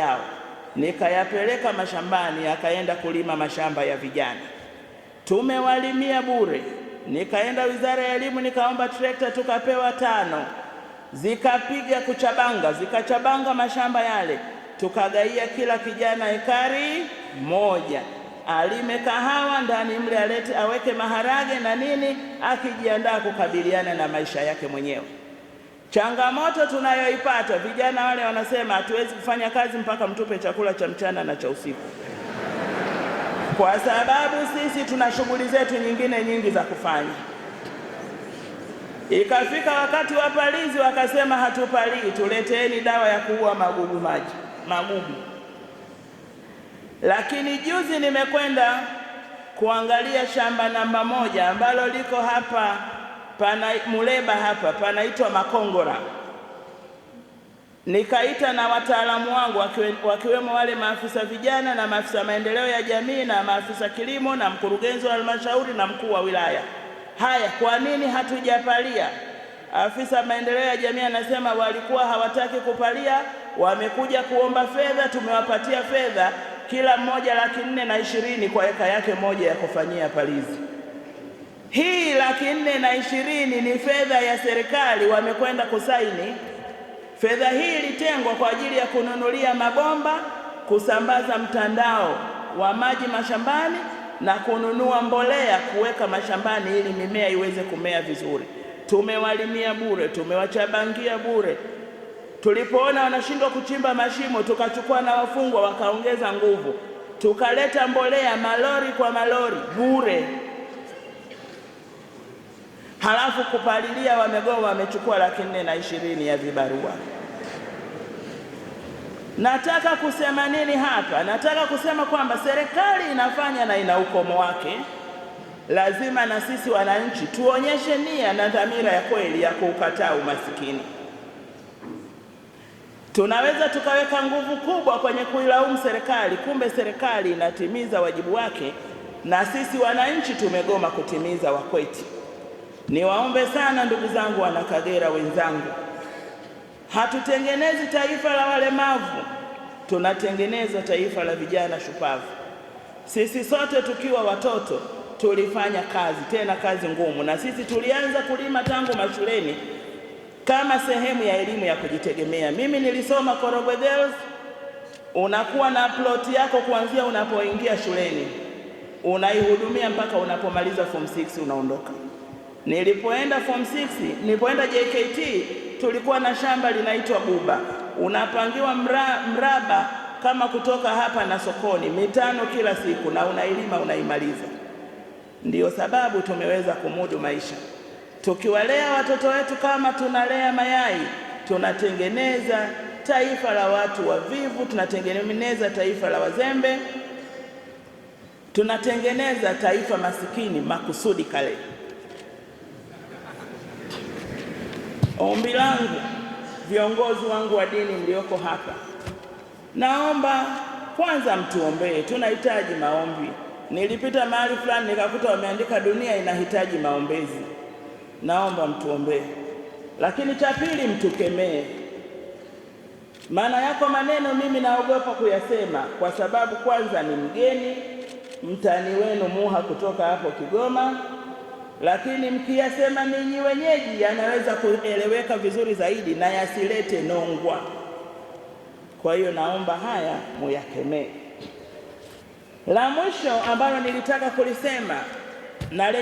yao nikayapeleka mashambani, akaenda kulima mashamba ya vijana, tumewalimia bure. Nikaenda wizara ya elimu nikaomba trekta, tukapewa tano, zikapiga kuchabanga, zikachabanga mashamba yale, tukagaia kila kijana ekari moja, alime kahawa ndani mle, alete aweke maharage na nini, akijiandaa kukabiliana na maisha yake mwenyewe. Changamoto tunayoipata vijana wale wanasema hatuwezi kufanya kazi mpaka mtupe chakula cha mchana na cha usiku, kwa sababu sisi tuna shughuli zetu nyingine nyingi za kufanya. Ikafika wakati wa palizi, wakasema hatupalii, tuleteeni dawa ya kuua magugu maji magugu. Lakini juzi nimekwenda kuangalia shamba namba moja ambalo liko hapa pana Muleba hapa panaitwa Makongora. Nikaita na wataalamu wangu wakiwemo wale maafisa vijana na maafisa maendeleo ya jamii na maafisa kilimo na mkurugenzi wa halmashauri na mkuu wa wilaya. Haya, kwa nini hatujapalia? Afisa maendeleo ya jamii anasema walikuwa hawataki kupalia, wamekuja kuomba fedha, tumewapatia fedha kila mmoja laki nne na ishirini kwa eka yake moja ya kufanyia palizi. Hii laki nne na ishirini ni fedha ya serikali, wamekwenda kusaini. Fedha hii ilitengwa kwa ajili ya kununulia mabomba, kusambaza mtandao wa maji mashambani na kununua mbolea kuweka mashambani ili mimea iweze kumea vizuri. Tumewalimia bure, tumewachabangia bure. Tulipoona wanashindwa kuchimba mashimo, tukachukua na wafungwa wakaongeza nguvu, tukaleta mbolea malori kwa malori bure halafu kupalilia wamegoma, wamechukua laki nne na ishirini ya vibarua. Nataka kusema nini hapa? Nataka kusema kwamba serikali inafanya na ina ukomo wake. Lazima na sisi wananchi tuonyeshe nia na dhamira ya kweli ya kuukataa umasikini. Tunaweza tukaweka nguvu kubwa kwenye kuilaumu serikali, kumbe serikali inatimiza wajibu wake na sisi wananchi tumegoma kutimiza wakweti. Niwaombe sana ndugu zangu, wana Kagera wenzangu, hatutengenezi taifa la walemavu, tunatengeneza taifa la vijana shupavu. Sisi sote tukiwa watoto tulifanya kazi, tena kazi ngumu, na sisi tulianza kulima tangu mashuleni kama sehemu ya elimu ya kujitegemea. Mimi nilisoma Korogwe Girls. Unakuwa na plot yako kuanzia unapoingia shuleni, unaihudumia mpaka unapomaliza form 6 unaondoka. Nilipoenda form 6, nilipoenda JKT tulikuwa na shamba linaitwa Buba, unapangiwa mra, mraba kama kutoka hapa na sokoni mitano kila siku, na unailima unaimaliza. Ndiyo sababu tumeweza kumudu maisha. Tukiwalea watoto wetu kama tunalea mayai, tunatengeneza taifa la watu wavivu, tunatengeneza taifa la wazembe, tunatengeneza taifa masikini makusudi kale. Ombi langu viongozi wangu wa dini mlioko hapa, naomba kwanza mtuombee, tunahitaji maombi. Nilipita mahali fulani nikakuta wameandika dunia inahitaji maombezi, naomba mtuombee. Lakini cha pili, mtukemee. Maana yako maneno mimi naogopa kuyasema, kwa sababu kwanza ni mgeni, mtani wenu Muha kutoka hapo Kigoma lakini mkiyasema ninyi wenyeji yanaweza kueleweka vizuri zaidi na yasilete nongwa. Kwa hiyo naomba haya muyakemee. La mwisho ambalo nilitaka kulisema na